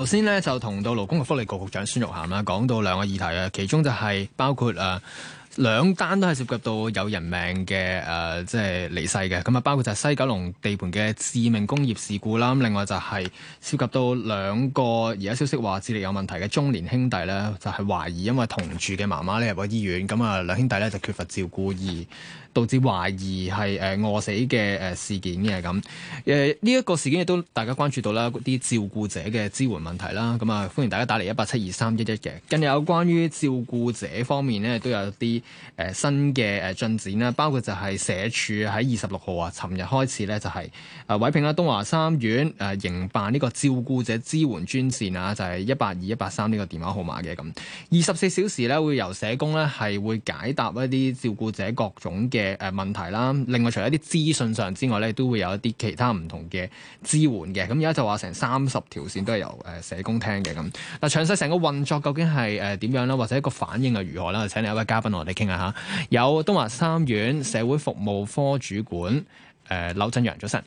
頭先咧就同到勞工及福利局局長孫玉菡啦，講到兩個議題啊，其中就係包括誒、呃、兩單都係涉及到有人命嘅，誒、呃，即係離世嘅，咁啊包括就係西九龍地盤嘅致命工業事故啦，咁另外就係涉及到兩個而家消息話智力有問題嘅中年兄弟咧，就係、是、懷疑因為同住嘅媽媽咧入咗醫院，咁啊兩兄弟咧就缺乏照顧而。導致懷疑係誒餓死嘅誒事件嘅，咁誒呢一個事件亦都大家關注到啦，啲照顧者嘅支援問題啦，咁啊歡迎大家打嚟一八七二三一一嘅。近日有關於照顧者方面呢，都有啲誒、呃、新嘅誒進展啦，包括就係社署喺二十六號啊，尋日開始呢，就係、是、委聘啦東華三院誒營、呃、辦呢個照顧者支援專線啊，就係一八二一八三呢個電話號碼嘅，咁，二十四小時呢，會由社工呢，係會解答一啲照顧者各種嘅。嘅誒問題啦，另外除咗啲資訊上之外咧，都會有一啲其他唔同嘅支援嘅。咁而家就話成三十條線都係由誒社工聽嘅咁。嗱，詳細成個運作究竟係誒點樣咧，或者一個反應係如何咧？請你一位嘉賓同我哋傾下嚇。有東華三院社會服務科主管誒婁、呃、振陽早晨。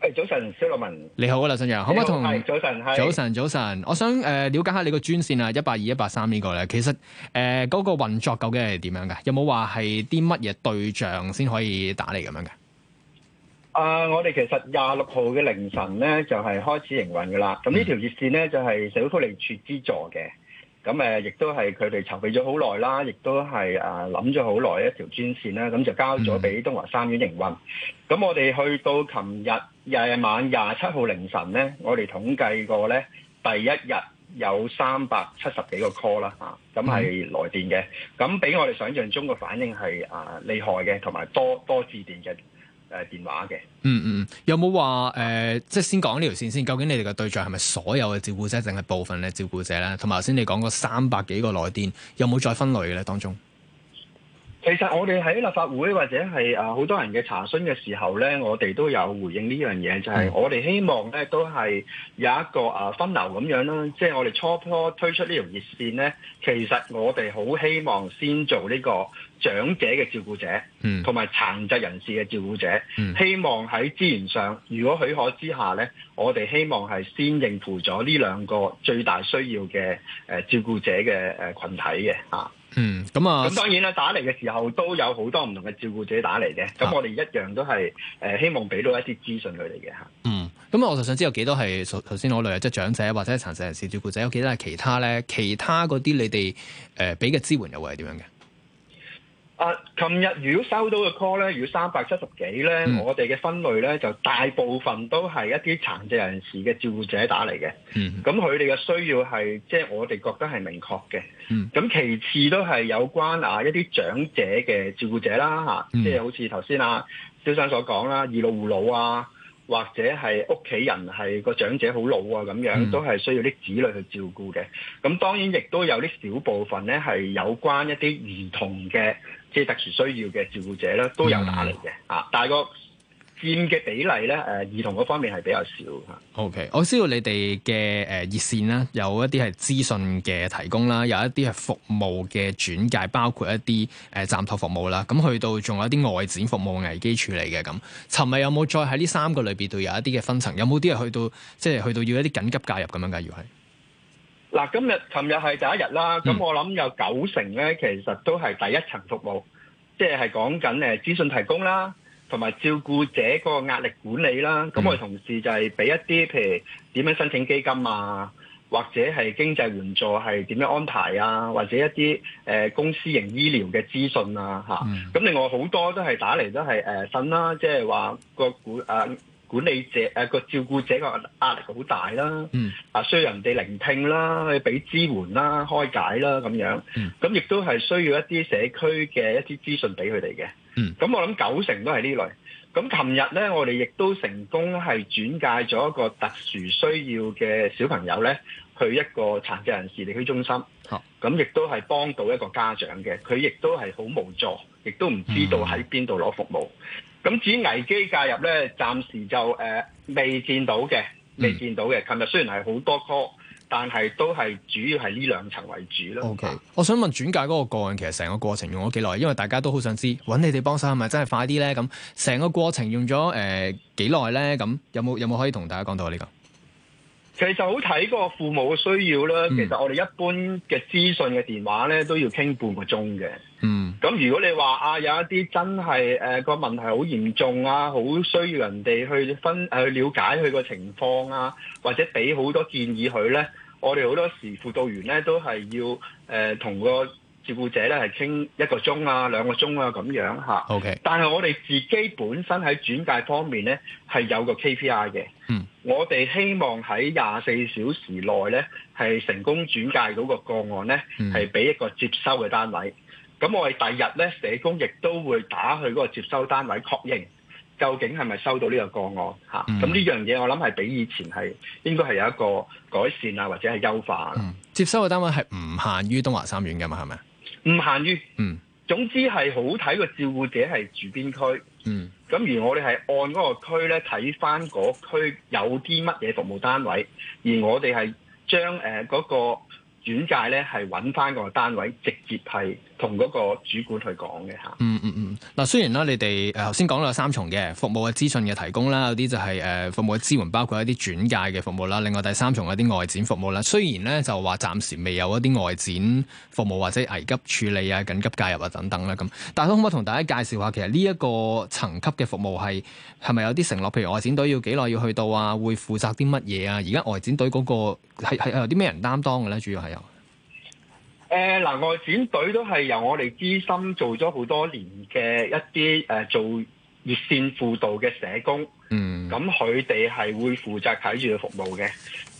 誒，早晨，小羅文，你好啊，婁振陽，可唔可以同。早晨，早晨，早晨，我想誒了解下你個專線啊，一八二一八三呢個咧，其實誒嗰個運作究竟係點樣嘅？有冇話係啲乜嘢對象先可以打嚟，咁樣嘅？啊，我哋其實廿六號嘅凌晨咧就係開始營運噶啦，咁呢條熱線咧就係社會福利處資助嘅，咁誒亦都係佢哋籌備咗好耐啦，亦都係誒諗咗好耐一條專線啦，咁就交咗俾東華三院營運，咁我哋去到琴日。廿日晚，廿七號凌晨咧，我哋統計過咧，第一日有三百七十幾個 call 啦，啊咁係來電嘅。咁比我哋想象中嘅反應係啊厲害嘅，同埋多多致電嘅誒電話嘅。嗯嗯，有冇話誒？即、呃、係先講呢條線先。究竟你哋嘅對象係咪所有嘅照顧者，定係部分嘅照顧者咧？同埋頭先你講過三百幾個來電，有冇再分類嘅咧？當中？其實我哋喺立法會或者係啊好多人嘅查詢嘅時候咧，我哋都有回應呢樣嘢，就係我哋希望咧都係有一個啊分流咁樣啦。即係我哋初初推出呢條熱線咧，其實我哋好希望先做呢個長者嘅照顧者，嗯，同埋殘疾人士嘅照顧者，希望喺資源上，如果許可之下咧，我哋希望係先應付咗呢兩個最大需要嘅誒照顧者嘅誒羣體嘅啊。嗯，咁、嗯、啊，咁當然啦，打嚟嘅時候都有好多唔同嘅照顧者打嚟嘅，咁、啊、我哋一樣都係誒、呃、希望俾到一啲資訊佢哋嘅嚇。嗯，咁、嗯、啊，我就想知道幾多係頭先我類似即係長者或者殘疾人士照顧者，有幾多係其他咧？其他嗰啲你哋誒俾嘅支援又會係點樣嘅？啊！琴、uh，日如果收到嘅 call 咧，如果三百七十幾咧，嗯、我哋嘅分類咧就大部分都係一啲殘疾人士嘅照顧者打嚟嘅。嗯，咁佢哋嘅需要係即係我哋覺得係明確嘅。嗯，咁其次都係有關啊一啲長者嘅照顧者啦吓，嗯、即係好似頭先啊蕭生所講啦，以老護老啊。或者係屋企人係個長者好老啊咁樣，都係需要啲子女去照顧嘅。咁當然亦都有啲小部分咧係有關一啲兒童嘅即係特殊需要嘅照顧者咧，都有打嚟嘅啊。但係個佔嘅比例咧，誒兒童嗰方面係比較少嚇。Okay，我知道你哋嘅誒熱線啦，有一啲係資訊嘅提供啦，有一啲係服務嘅轉介，包括一啲誒暫托服務啦。咁去到仲有一啲外展服務、危機處理嘅咁。尋日有冇再喺呢三個裏邊度有一啲嘅分層？有冇啲係去到即係去到要一啲緊急介入咁樣嘅？要係嗱，今日尋日係第一日啦，咁、嗯、我諗有九成咧，其實都係第一層服務，即係講緊誒資訊提供啦。同埋照顧者個壓力管理啦，咁、嗯、我哋同事就係俾一啲，譬如點樣申請基金啊，或者係經濟援助係點樣安排啊，或者一啲誒、呃、公司型醫療嘅資訊啊吓。咁、嗯、另外好多都係打嚟都係誒信啦，即係話個管啊管理者誒個、呃、照顧者個壓力好大啦、啊，啊、嗯、需要人哋聆聽啦、啊，去俾支援啦、啊、開解啦、啊、咁樣。咁亦、嗯、都係需要一啲社區嘅一啲資訊俾佢哋嘅。嗯，咁我諗九成都係呢類。咁琴日咧，我哋亦都成功係轉介咗一個特殊需要嘅小朋友咧，去一個殘疾人士地區中心。好，咁亦都係幫到一個家長嘅，佢亦都係好無助，亦都唔知道喺邊度攞服務。咁、嗯、至於危機介入咧，暫時就誒未、呃、見到嘅，未見到嘅。琴日雖然係好多 call。但係都係主要係呢兩層為主啦。O、okay. K，我想問轉介嗰個個案，其實成個過程用咗幾耐？因為大家都好想知，搵你哋幫手係咪真係快啲咧？咁成個過程用咗誒幾耐咧？咁、呃、有冇有冇可以同大家講到呢、這個？其實好睇嗰個父母嘅需要啦。其實我哋一般嘅資訊嘅電話咧，都要傾半個鐘嘅。嗯。咁如果你話啊，有一啲真係誒、呃這個問題好嚴重啊，好需要人哋去分誒去了解佢個情況啊，或者俾好多建議佢咧，我哋好多時輔導員咧都係要誒、呃、同個照顧者咧係傾一個鐘啊、兩個鐘啊咁樣吓。OK. 但係我哋自己本身喺轉介方面咧係有個 KPI 嘅。嗯。Mm. 我哋希望喺廿四小時內咧係成功轉介嗰個個案咧係俾一個接收嘅單位。咁我哋第日咧，社工亦都會打去嗰個接收單位確認，究竟係咪收到呢個個案嚇？咁呢、嗯啊、樣嘢我諗係比以前係應該係有一個改善啊，或者係優化、啊嗯。接收嘅單位係唔限於東華三院㗎嘛？係咪唔限於？嗯，總之係好睇個照顧者係住邊區。嗯，咁而我哋係按嗰個區咧睇翻嗰區有啲乜嘢服務單位，而我哋係將誒嗰個轉介咧係揾翻個單位直接係，同嗰個主管去講嘅嚇。嗯嗯嗯，嗱雖然啦，你哋誒頭先講到有三重嘅服務嘅資訊嘅提供啦，有啲就係誒服務嘅支援，包括一啲轉介嘅服務啦。另外第三重有啲外展服務啦。雖然咧就話暫時未有一啲外展服務或者危急處理啊、緊急介入啊等等啦咁。但係可唔可以同大家介紹下，其實呢一個層級嘅服務係係咪有啲承諾？譬如外展隊要幾耐要去到啊？會負責啲乜嘢啊？而家外展隊嗰個係有啲咩人擔當嘅咧？主要係有。誒，嗱，外展隊都係由我哋資深做咗好多年嘅一啲誒，做熱線輔導嘅社工，嗯，咁佢哋係會負責睇住佢服務嘅。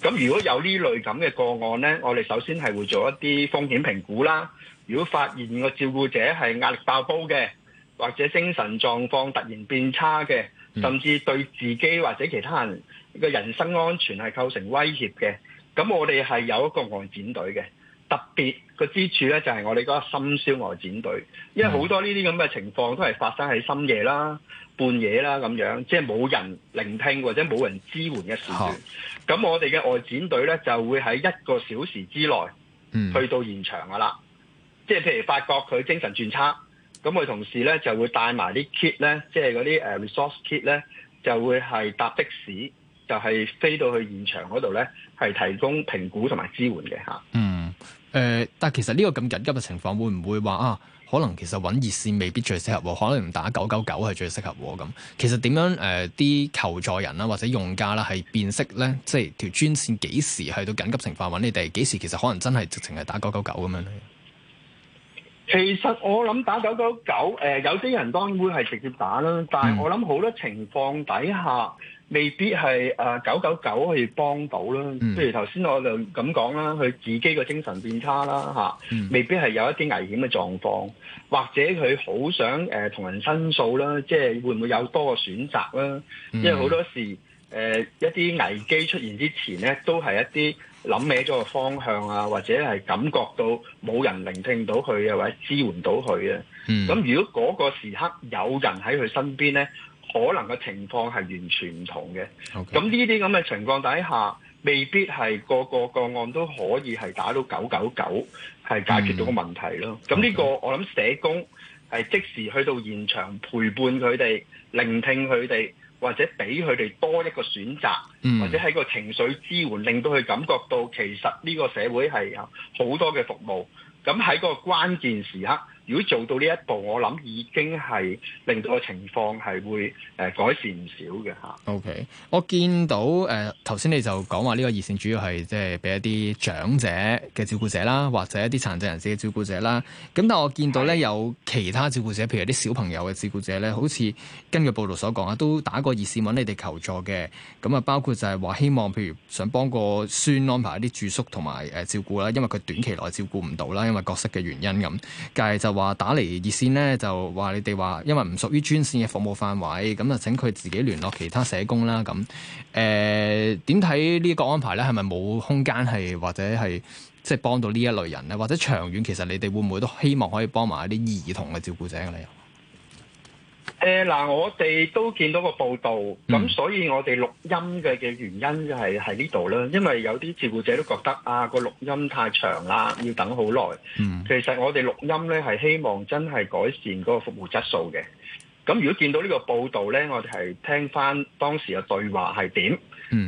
咁如果有呢類咁嘅個案咧，我哋首先係會做一啲風險評估啦。如果發現個照顧者係壓力爆煲嘅，或者精神狀況突然變差嘅，甚至對自己或者其他人嘅人身安全係構成威脅嘅，咁我哋係有一個外展隊嘅。特別個之處咧，就係、是、我哋嗰個深宵外展隊，因為好多呢啲咁嘅情況都係發生喺深夜啦、半夜啦咁樣，即係冇人聆聽或者冇人支援嘅時候。咁好我哋嘅外展隊咧就會喺一個小時之內去到現場㗎喇。嗯、即係譬如發覺佢精神轉差，咁佢同事咧就會帶埋啲 kit 咧，即係嗰啲誒 resource kit 咧，就會係搭的士就係、是、飛到去現場嗰度咧，係提供評估同埋支援嘅嚇。誒、呃，但係其實呢個咁緊急嘅情況，會唔會話啊，可能其實揾熱線未必最適合，可能打九九九係最適合喎。咁其實點樣誒，啲、呃、求助人啦，或者用家啦，係辨識咧，即係條專線幾時去到緊急情況揾你哋？幾時其實可能真係直情係打九九九咁樣咧？其實我諗打九九九，誒，有啲人當然會係直接打啦，但係我諗好多情況底下未必係誒九九九可以幫到啦。嗯、譬如頭先我就咁講啦，佢自己個精神變差啦吓、啊，未必係有一啲危險嘅狀況，或者佢好想誒、呃、同人申訴啦，即係會唔會有多個選擇啦？嗯、因為好多時，誒、呃、一啲危機出現之前咧，都係一啲。諗歪咗個方向啊，或者係感覺到冇人聆聽到佢啊，或者支援到佢啊。咁如果嗰個時刻有人喺佢身邊呢，可能個情況係完全唔同嘅。咁呢啲咁嘅情況底下，未必係個個個案都可以係打到九九九，係解決到個問題咯。咁呢個我諗社工係即時去到現場陪伴佢哋，聆聽佢哋。或者俾佢哋多一個選擇，或者喺個情緒支援，令到佢感覺到其實呢個社會係有好多嘅服務。咁喺個關鍵時刻。如果做到呢一步，我諗已經係令到個情況係會誒改善唔少嘅吓。OK，我見到誒頭先你就講話呢個熱線主要係即係俾一啲長者嘅照顧者啦，或者一啲殘疾人士嘅照顧者啦。咁但係我見到咧是有其他照顧者，譬如啲小朋友嘅照顧者咧，好似根據報道所講啊，都打過熱線揾你哋求助嘅。咁啊，包括就係話希望譬如想幫個孫安排一啲住宿同埋誒照顧啦，因為佢短期內照顧唔到啦，因為角色嘅原因咁，但係就話打嚟熱線呢，就話你哋話，因為唔屬於專線嘅服務範圍，咁啊，請佢自己聯絡其他社工啦。咁，誒、呃，點睇呢個安排呢？係咪冇空間係，或者係即係幫到呢一類人呢？或者長遠，其實你哋會唔會都希望可以幫埋啲兒童嘅照顧者嘅理由？誒，嗱，我哋都見到個報道，咁所以我哋錄音嘅嘅原因就係喺呢度啦。因為有啲照顧者都覺得啊，個錄音太長啦，要等好耐。其實我哋錄音咧係希望真係改善嗰個服務質素嘅。咁如果見到呢個報道咧，我哋係聽翻當時嘅對話係點，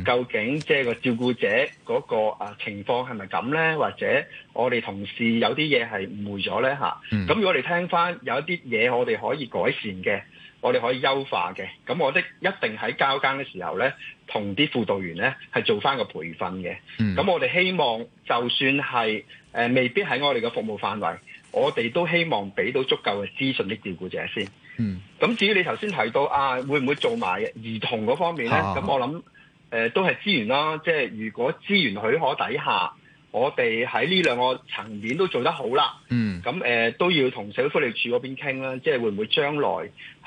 究竟即係個照顧者嗰個啊情況係咪咁咧？或者我哋同事有啲嘢係誤會咗咧嚇？咁如果我哋聽翻有一啲嘢，我哋可以改善嘅。我哋可以優化嘅，咁我哋一定喺交更嘅時候咧，同啲輔導員咧係做翻個培訓嘅。咁、嗯、我哋希望，就算係誒、呃、未必喺我哋嘅服務範圍，我哋都希望俾到足夠嘅資訊的照顧者先。咁、嗯、至於你頭先提到啊，會唔會做埋兒童嗰方面咧？咁、啊、我諗誒、呃、都係資源啦，即係如果資源許可底下。我哋喺呢兩個層面都做得好啦，咁誒、嗯呃、都要同社會福利署嗰邊傾啦，即係會唔會將來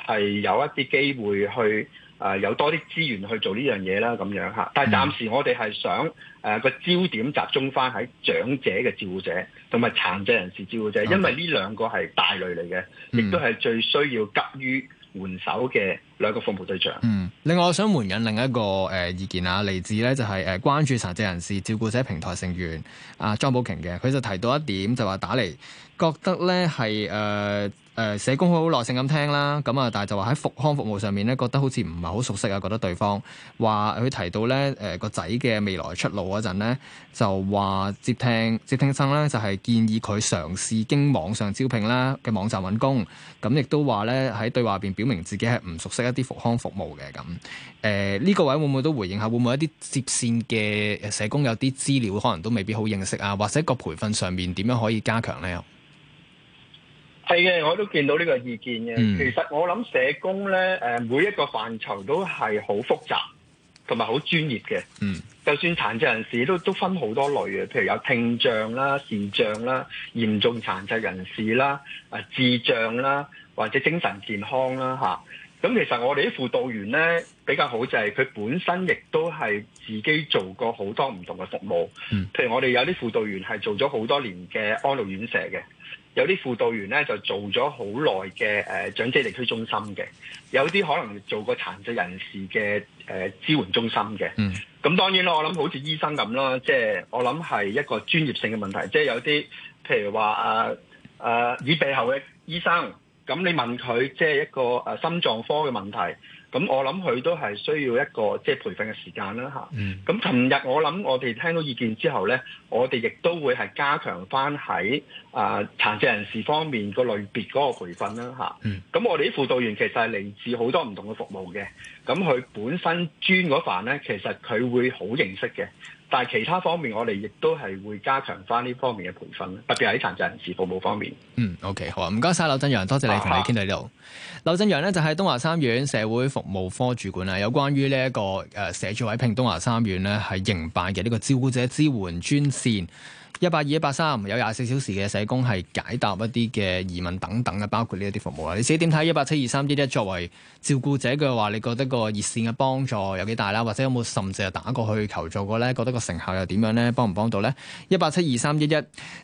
係有一啲機會去誒、呃、有多啲資源去做呢樣嘢啦咁樣嚇。但係暫時我哋係想誒、呃、個焦點集中翻喺長者嘅照顧者同埋殘疾人士照顧者，嗯、因為呢兩個係大類嚟嘅，亦都係最需要急於援手嘅兩個服務對象。嗯，另外我想援引另一個誒、呃、意見啊，嚟自咧就係、是、誒、呃、關注殘疾人士照顧者平台成員啊莊寶瓊嘅，佢、呃、就提到一點就話打嚟覺得咧係誒。誒社工好耐性咁聽啦，咁啊，但係就話喺復康服務上面咧，覺得好似唔係好熟悉啊，覺得對方話佢提到咧誒個仔嘅未來出路嗰陣咧，就話接聽接聽生咧就係建議佢嘗試經網上招聘啦嘅網站揾工，咁亦都話咧喺對話入邊表明自己係唔熟悉一啲復康服務嘅咁。誒呢個位會唔會都回應下？會唔會一啲接線嘅社工有啲資料可能都未必好認識啊？或者個培訓上面點樣可以加強咧？係嘅，我都見到呢個意見嘅。嗯、其實我諗社工咧，誒、呃、每一個範疇都係好複雜同埋好專業嘅。嗯，就算殘疾人士都都分好多類嘅，譬如有聽障啦、視障啦、嚴重殘疾人士啦、啊智障啦，或者精神健康啦嚇。咁其實我哋啲輔導員咧比較好，就係佢本身亦都係自己做過好多唔同嘅服務。嗯，譬如我哋有啲輔導員係做咗好多年嘅安老院舍嘅，有啲輔導員咧就做咗好耐嘅誒長者地區中心嘅，有啲可能做過殘疾人士嘅誒支援中心嘅。嗯，咁當然啦，我諗好似醫生咁啦，即係我諗係一個專業性嘅問題，即係有啲譬如話誒誒耳鼻喉嘅醫生。咁你問佢即係一個誒心臟科嘅問題，咁我諗佢都係需要一個即係培訓嘅時間啦嚇。咁琴、嗯、日我諗我哋聽到意見之後咧，我哋亦都會係加強翻喺誒殘疾人士方面個類別嗰個培訓啦嚇。咁、嗯、我哋啲輔導員其實係嚟自好多唔同嘅服務嘅，咁佢本身專嗰範咧，其實佢會好認識嘅。但係其他方面，我哋亦都係會加強翻呢方面嘅培訓，特別係喺殘疾人士服務方面。嗯，OK，好啊，唔該晒。婁振陽，多謝你同你傾到呢度。婁、啊、振陽咧就係東華三院社會服務科主管啊，有關於呢一個誒、呃、社署委聘東華三院咧係營辦嘅呢、這個照顧者支援專線。一八二一八三有廿四小時嘅社工係解答一啲嘅疑問等等啊，包括呢一啲服務啊。你自己點睇？一八七二三一一，作為照顧者嘅話，你覺得個熱線嘅幫助有幾大啦？或者有冇甚至係打過去求助過咧？覺得個成效又點樣咧？幫唔幫到咧？一八七二三一一